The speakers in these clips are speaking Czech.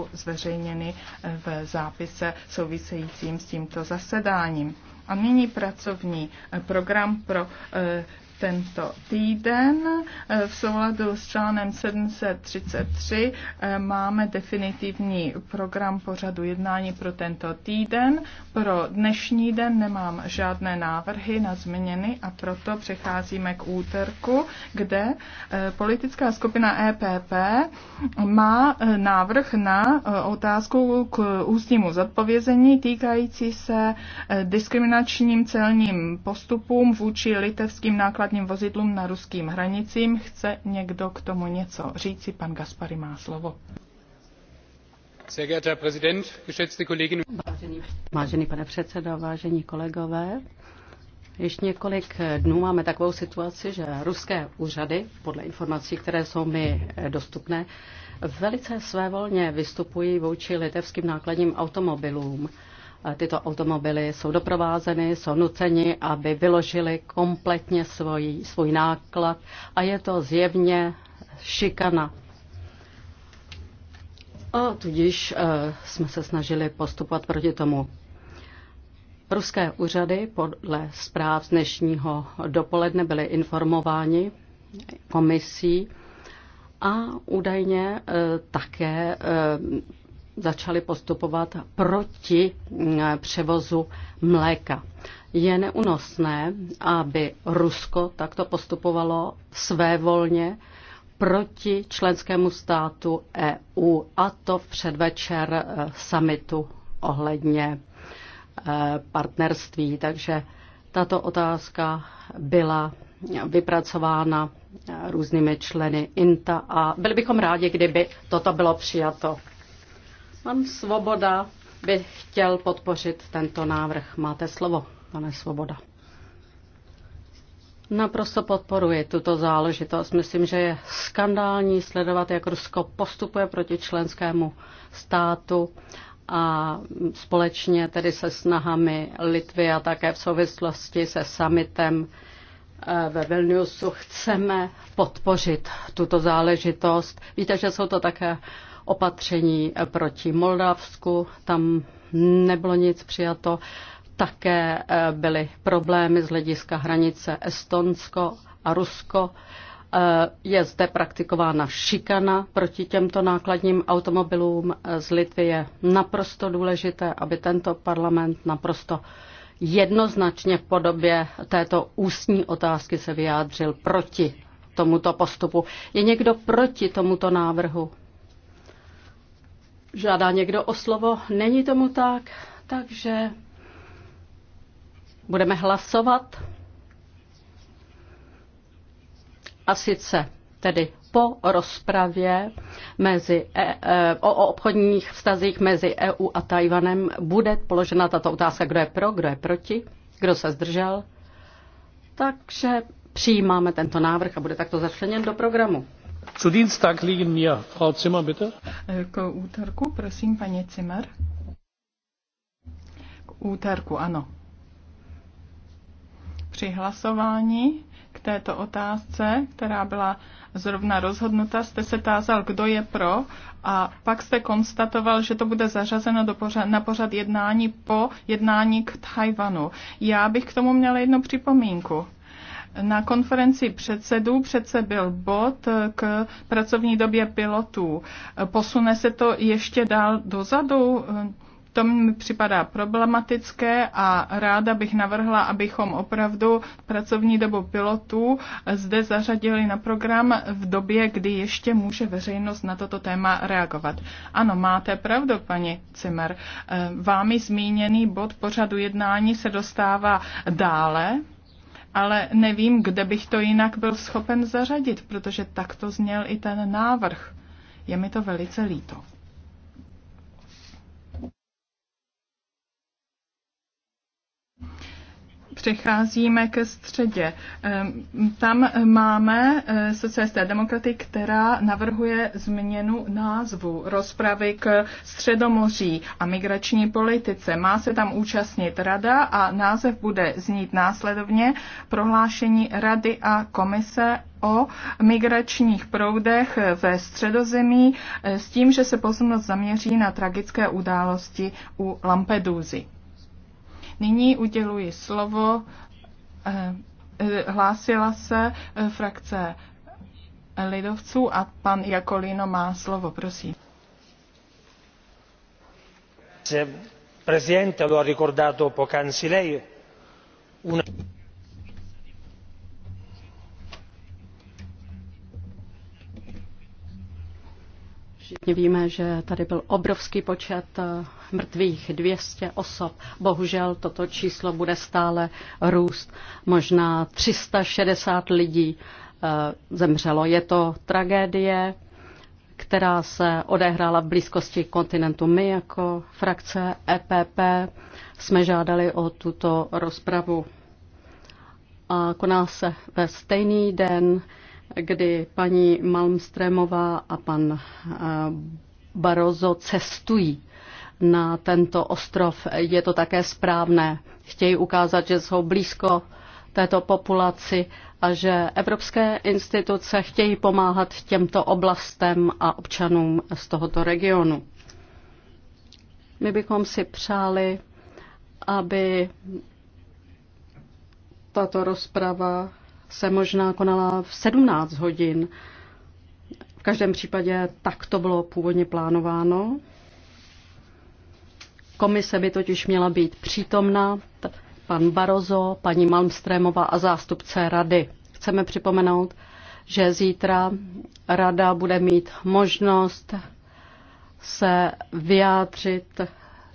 příspěvku zveřejněny v zápise souvisejícím s tímto zasedáním. A nyní pracovní eh, program pro eh, tento týden. E, v souladu s článem 733 e, máme definitivní program pořadu jednání pro tento týden. Pro dnešní den nemám žádné návrhy na změny a proto přecházíme k úterku, kde e, politická skupina EPP má návrh na otázku k ústnímu zodpovězení týkající se diskriminačním celním postupům vůči litevským nákladům armádním vozidlům na ruským hranicím. Chce někdo k tomu něco říci? Pan Gaspary má slovo. Vážený pane předsedo, vážení kolegové, ještě několik dnů máme takovou situaci, že ruské úřady, podle informací, které jsou mi dostupné, velice svévolně vystupují vůči litevským nákladním automobilům tyto automobily jsou doprovázeny, jsou nuceni, aby vyložili kompletně svůj, svůj náklad a je to zjevně šikana. A tudíž uh, jsme se snažili postupovat proti tomu. Ruské úřady podle zpráv z dnešního dopoledne byly informováni komisí a údajně uh, také uh, začali postupovat proti mm, převozu mléka. Je neunosné, aby Rusko takto postupovalo svévolně proti členskému státu EU, a to v předvečer eh, samitu ohledně eh, partnerství. Takže tato otázka byla vypracována eh, různými členy INTA a byli bychom rádi, kdyby toto bylo přijato. Pan Svoboda by chtěl podpořit tento návrh. Máte slovo, pane Svoboda. Naprosto podporuji tuto záležitost. Myslím, že je skandální sledovat, jak Rusko postupuje proti členskému státu a společně tedy se snahami Litvy a také v souvislosti se summitem eh, ve Vilniusu chceme podpořit tuto záležitost. Víte, že jsou to také opatření proti Moldavsku, tam nebylo nic přijato. Také eh, byly problémy z hlediska hranice Estonsko a Rusko. Eh, je zde praktikována šikana proti těmto nákladním automobilům eh, z Litvy. Je naprosto důležité, aby tento parlament naprosto jednoznačně v podobě této ústní otázky se vyjádřil proti tomuto postupu. Je někdo proti tomuto návrhu? Žádá někdo o slovo? Není tomu tak, takže budeme hlasovat. A sice tedy po rozpravě mezi, e, e, o, o obchodních vztazích mezi EU a Tajvanem bude položena tato otázka, kdo je pro, kdo je proti, kdo se zdržel. Takže přijímáme tento návrh a bude takto začleněn do programu. Zu Dienstag liegen mir, Frau Zimmer, bitte k úterku, prosím, paní Cimer. K úterku, ano. Při hlasování k této otázce, která byla zrovna rozhodnuta, jste se tázal, kdo je pro a pak jste konstatoval, že to bude zařazeno do pořad, na pořad jednání po jednání k Tajvanu. Já bych k tomu měla jednu připomínku na konferenci předsedů přece byl bod k pracovní době pilotů. Posune se to ještě dál dozadu? To mi připadá problematické a ráda bych navrhla, abychom opravdu pracovní dobu pilotů zde zařadili na program v době, kdy ještě může veřejnost na toto téma reagovat. Ano, máte pravdu, paní Cimer. Vámi zmíněný bod pořadu jednání se dostává dále ale nevím, kde bych to jinak byl schopen zařadit, protože takto zněl i ten návrh. Je mi to velice líto. Přecházíme ke středě. Tam máme eh, socialisté demokraty, která navrhuje změnu názvu rozpravy k středomoří a migrační politice. Má se tam účastnit rada a název bude znít následovně prohlášení rady a komise o migračních proudech ve středozemí eh, s tím, že se pozornost zaměří na tragické události u Lampedusy. Nyní uděluji slovo, eh, eh, hlásila se eh, frakce lidovců a pan Jakolino má slovo, prosím. Presidente, lo ha ricordato poc'anzi lei, una... Všichni víme, že tady byl obrovský počet mrtvých, 200 osob. Bohužel toto číslo bude stále růst. Možná 360 lidí eh, zemřelo. Je to tragédie, která se odehrála v blízkosti kontinentu. My jako frakce EPP jsme žádali o tuto rozpravu. A koná se ve stejný den, kdy paní Malmstremová a pan eh, Barozo cestují na tento ostrov. Je to také správné. Chtějí ukázat, že jsou blízko této populaci a že evropské instituce chtějí pomáhat těmto oblastem a občanům z tohoto regionu. My bychom si přáli, aby tato rozprava se možná konala v 17 hodin. V každém případě tak to bylo původně plánováno. Komise by totiž měla být přítomna, pan Barozo, paní Malmstrémová a zástupce rady. Chceme připomenout, že zítra rada bude mít možnost se vyjádřit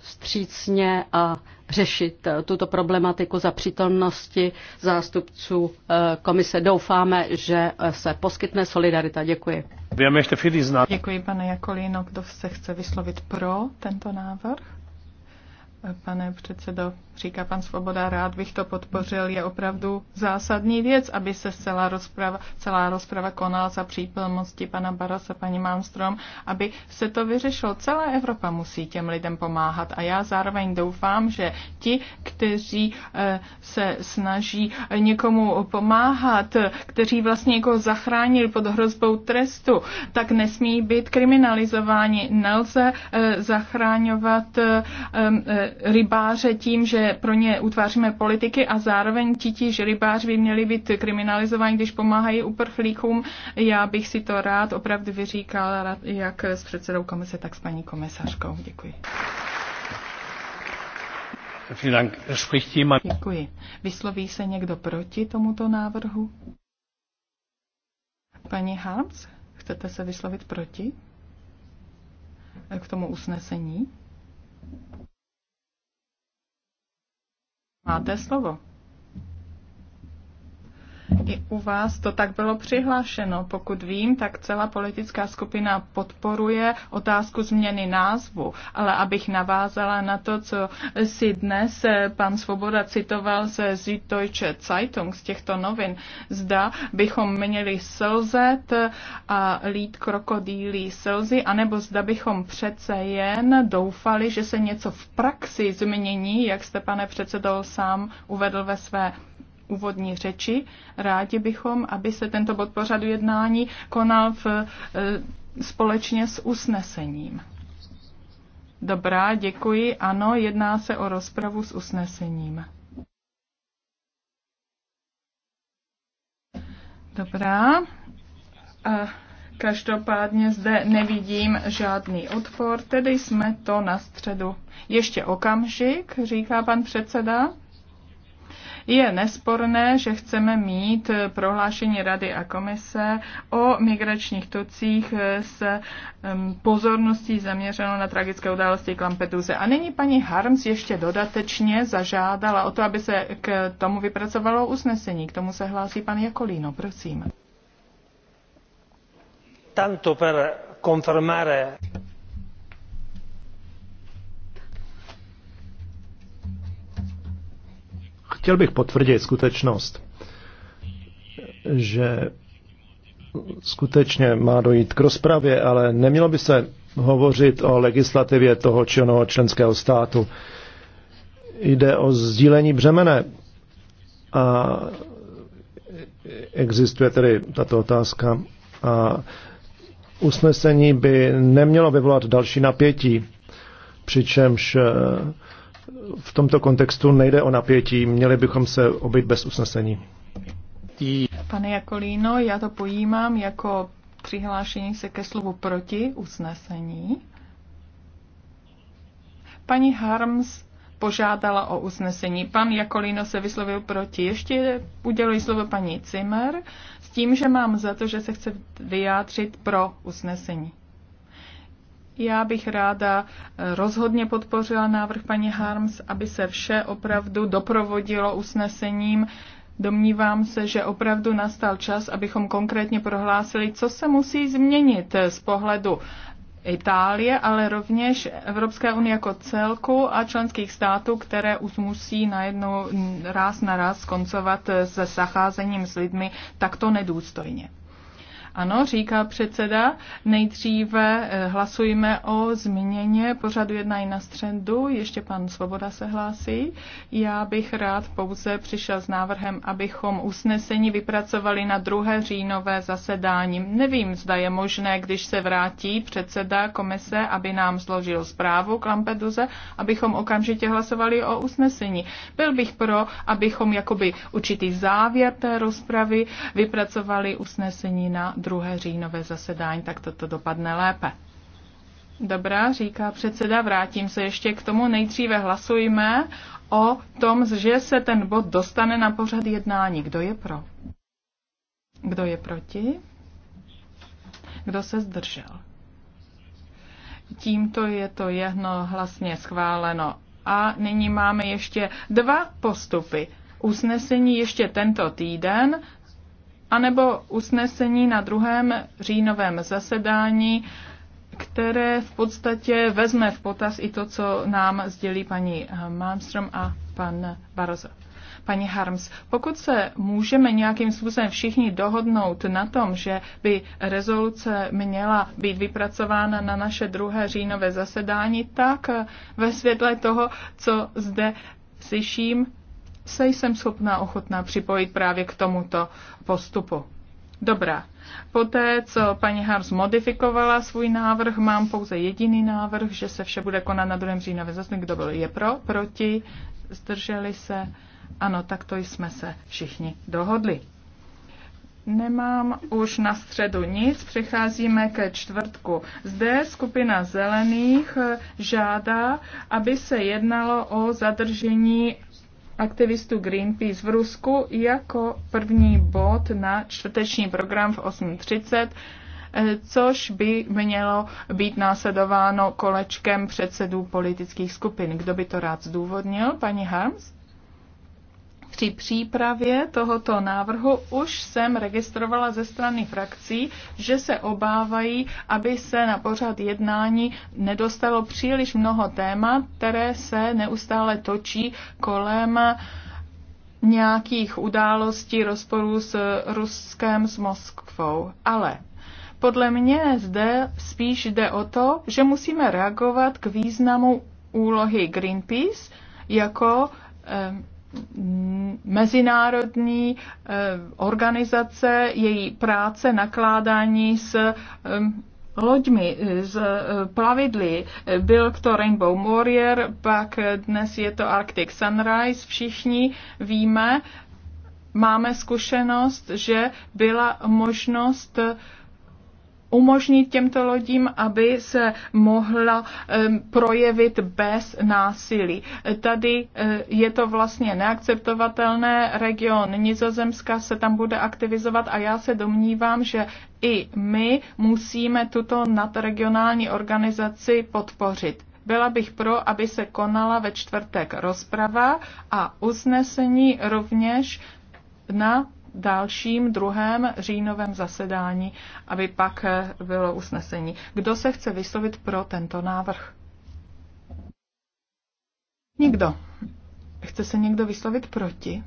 střícně a řešit tuto problematiku za přítomnosti zástupců eh, komise. Doufáme, že eh, se poskytne solidarita. Děkuji. Děkuji, pane Jakolino. Kdo se chce vyslovit pro tento návrh? pane předsedo, říká pan Svoboda, rád bych to podpořil, je opravdu zásadní věc, aby se celá rozprava, celá rozprava konala za přítomnosti pana Barasa, paní Malmstrom, aby se to vyřešilo. Celá Evropa musí těm lidem pomáhat a já zároveň doufám, že ti, kteří eh, se snaží někomu pomáhat, kteří vlastně někoho zachránili pod hrozbou trestu, tak nesmí být kriminalizováni. Nelze eh, zachráňovat eh, rybáře tím, že pro ně utváříme politiky a zároveň ti, že rybáři by měli být kriminalizováni, když pomáhají uprchlíkům. Já bych si to rád opravdu vyříkala jak s předsedou komise, tak s paní komisařkou. Děkuji. Děkuji. Vysloví se někdo proti tomuto návrhu? Paní Hans, chcete se vyslovit proti? K tomu usnesení? Máte slovo. I u vás to tak bylo přihlášeno. Pokud vím, tak celá politická skupina podporuje otázku změny názvu. Ale abych navázala na to, co si dnes eh, pan Svoboda citoval ze Süddeutsche Zeitung z těchto novin, zda bychom měli slzet eh, a lít krokodýlí slzy, anebo zda bychom přece jen doufali, že se něco v praxi změní, jak jste, pane předsedo, sám uvedl ve své úvodní řeči. Rádi bychom, aby se tento bod pořadu jednání konal v, eh, společně s usnesením. Dobrá, děkuji. Ano, jedná se o rozpravu s usnesením. Dobrá. A každopádně zde nevidím žádný odpor, tedy jsme to na středu. Ještě okamžik, říká pan předseda. Je nesporné, že chceme mít prohlášení Rady a komise o migračních tocích s pozorností zaměřenou na tragické události k Lampeduze. A nyní paní Harms ještě dodatečně zažádala o to, aby se k tomu vypracovalo usnesení. K tomu se hlásí pan Jakolíno, prosím. Tanto per confermare Chtěl bych potvrdit skutečnost, že skutečně má dojít k rozpravě, ale nemělo by se hovořit o legislativě toho či onoho členského státu. Jde o sdílení břemene a existuje tedy tato otázka a usnesení by nemělo vyvolat další napětí, přičemž v tomto kontextu nejde o napětí, měli bychom se obejít bez usnesení. Pane Jakolíno, já to pojímám jako přihlášení se ke slovu proti usnesení. Paní Harms požádala o usnesení. Pan Jakolino se vyslovil proti. Ještě uděluji slovo paní Cimer s tím, že mám za to, že se chce vyjádřit pro usnesení. Já bych ráda eh, rozhodně podpořila návrh paní Harms, aby se vše opravdu doprovodilo usnesením. Domnívám se, že opravdu nastal čas, abychom konkrétně prohlásili, co se musí změnit eh, z pohledu Itálie, ale rovněž Evropské unie jako celku a členských států, které už musí najednou ráz na ráz skoncovat eh, se zacházením s lidmi takto nedůstojně. Ano, říká předseda, nejdříve eh, hlasujeme o změně pořadu jednání na středu. Ještě pan Svoboda se hlásí. Já bych rád pouze přišel s návrhem, abychom usnesení vypracovali na druhé říjnové zasedání. Nevím, zda je možné, když se vrátí předseda komise, aby nám složil zprávu k Lampeduze, abychom okamžitě hlasovali o usnesení. Byl bych pro, abychom jakoby určitý závěr té rozpravy vypracovali usnesení na druhé říjnové zasedání, tak toto dopadne lépe. Dobrá, říká předseda, vrátím se ještě k tomu. Nejdříve hlasujme o tom, že se ten bod dostane na pořad jednání. Kdo je pro? Kdo je proti? Kdo se zdržel? Tímto je to jednohlasně schváleno. A nyní máme ještě dva postupy. Usnesení ještě tento týden anebo usnesení na druhém říjnovém zasedání, které v podstatě vezme v potaz i to, co nám sdělí paní Malmström a pan Barroso. Paní Harms, pokud se můžeme nějakým způsobem všichni dohodnout na tom, že by rezoluce měla být vypracována na naše druhé říjnové zasedání, tak ve světle toho, co zde slyším, se jsem schopná ochotná připojit právě k tomuto postupu. Dobrá. Poté, co paní Harms modifikovala svůj návrh, mám pouze jediný návrh, že se vše bude konat na 2. říjnově zasedání. Kdo byl je pro, proti, zdrželi se. Ano, tak to jsme se všichni dohodli. Nemám už na středu nic, přecházíme ke čtvrtku. Zde skupina zelených žádá, aby se jednalo o zadržení aktivistů Greenpeace v Rusku jako první bod na čtvrteční program v 8.30 eh, což by mělo být následováno kolečkem předsedů politických skupin. Kdo by to rád zdůvodnil, paní Harms? Při přípravě tohoto návrhu už jsem registrovala ze strany frakcí, že se obávají, aby se na pořad jednání nedostalo příliš mnoho témat, které se neustále točí kolem nějakých událostí rozporů s Ruskem, s Moskvou. Ale podle mě zde spíš jde o to, že musíme reagovat k významu úlohy Greenpeace jako eh, mezinárodní eh, organizace, její práce, nakládání s eh, loďmi, z eh, plavidly. Byl to Rainbow Warrior, pak dnes je to Arctic Sunrise. Všichni víme, máme zkušenost, že byla možnost umožnit těmto lodím, aby se mohla projevit bez násilí. Tady eh, je to vlastně neakceptovatelné. Region Nizozemska se tam bude aktivizovat a já se domnívám, že i my musíme tuto nadregionální organizaci podpořit. Byla bych pro, aby se konala ve čtvrtek rozprava a usnesení rovněž na dalším druhém říjnovém zasedání, aby pak eh, bylo usnesení. Kdo se chce vyslovit pro tento návrh? Nikdo. Chce se někdo vyslovit proti?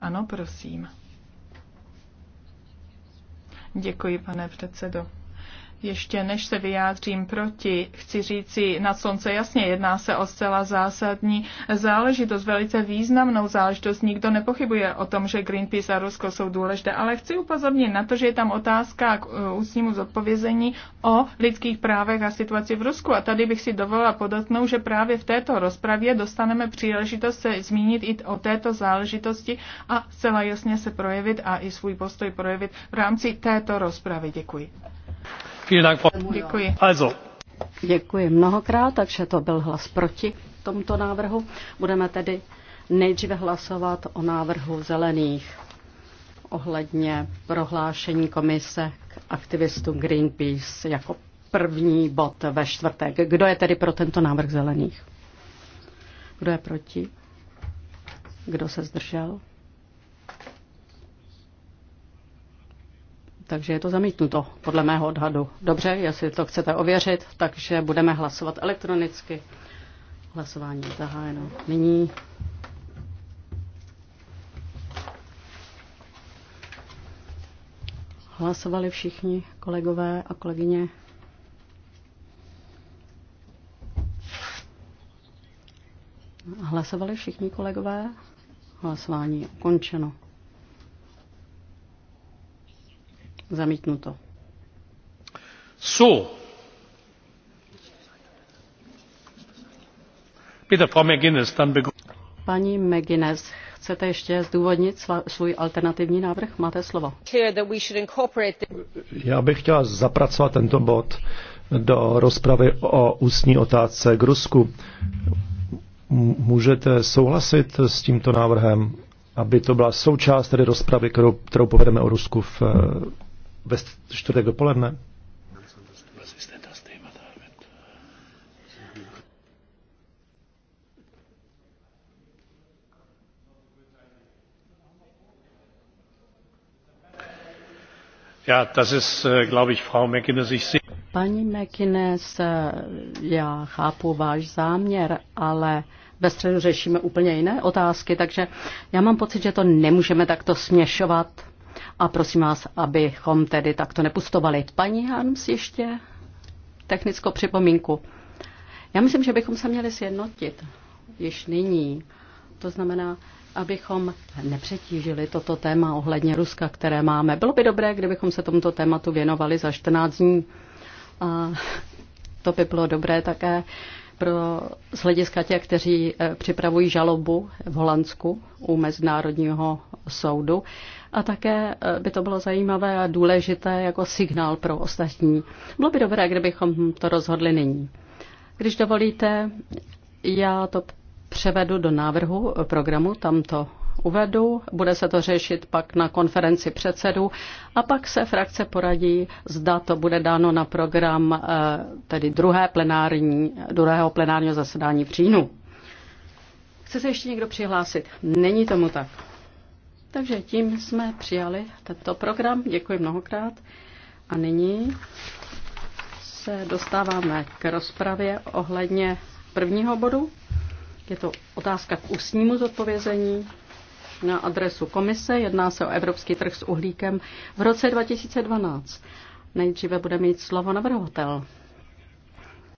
Ano, prosím. Děkuji, pane předsedo. Ještě než se vyjádřím proti, chci říci na slunce jasně, jedná se o zcela zásadní záležitost, velice významnou záležitost. Nikdo nepochybuje o tom, že Greenpeace a Rusko jsou důležité, ale chci upozornit na to, že je tam otázka k e, ústnímu zodpovězení o lidských právech a situaci v Rusku. A tady bych si dovolila podotknout, že právě v této rozpravě dostaneme příležitost se zmínit i o této záležitosti a zcela jasně se projevit a i svůj postoj projevit v rámci této rozpravy. Děkuji. Děkuji. Děkuji mnohokrát, takže to byl hlas proti tomuto návrhu. Budeme tedy nejdříve hlasovat o návrhu zelených ohledně prohlášení komise k aktivistům Greenpeace jako první bod ve čtvrtek. Kdo je tedy pro tento návrh zelených? Kdo je proti? Kdo se zdržel? Takže je to zamítnuto, podle mého odhadu. Dobře, jestli to chcete ověřit, takže budeme hlasovat elektronicky. Hlasování je zahájeno nyní. Hlasovali všichni kolegové a kolegyně. Hlasovali všichni kolegové. Hlasování je ukončeno. Zamítnuto. So. Bitte, Frau McGuinness, dann Paní McGuinness, chcete ještě zdůvodnit svůj alternativní návrh? Máte slovo. Já bych chtěla zapracovat tento bod do rozpravy o ústní otázce k Rusku. Můžete souhlasit s tímto návrhem, aby to byla součást tedy rozpravy, kterou, kterou povedeme o Rusku v ve čtvrtek dopoledne? Ja, das ist, äh, glaube ich, Frau McInnes. Ich sehe Paní McInnes, äh, já chápu váš záměr, ale ve středu řešíme úplně jiné otázky, takže já mám pocit, že to nemůžeme takto směšovat a prosím vás, abychom tedy takto nepustovali. Paní Hans ještě technickou připomínku. Já myslím, že bychom se měli sjednotit již nyní. To znamená, abychom nepřetížili toto téma ohledně Ruska, které máme. Bylo by dobré, kdybychom se tomuto tématu věnovali za 14 dní. A to by bylo dobré také pro z hlediska těch, kteří eh, připravují žalobu v Holandsku u Mezinárodního soudu a také eh, by to bylo zajímavé a důležité jako signál pro ostatní. Bylo by dobré, kdybychom to rozhodli nyní. Když dovolíte, já to převedu do návrhu programu, tam to uvedu, bude se to řešit pak na konferenci předsedů a pak se frakce poradí, zda to bude dáno na program eh, tedy druhé plenární, druhého plenárního zasedání v říjnu. Chce se ještě někdo přihlásit? Není tomu tak. Takže tím jsme přijali tento program. Děkuji mnohokrát. A nyní se dostáváme k rozpravě ohledně prvního bodu. Je to otázka k ústnímu zodpovězení na adresu komise. Jedná se o evropský trh s uhlíkem v roce 2012. Nejdříve bude mít slovo navrhovatel.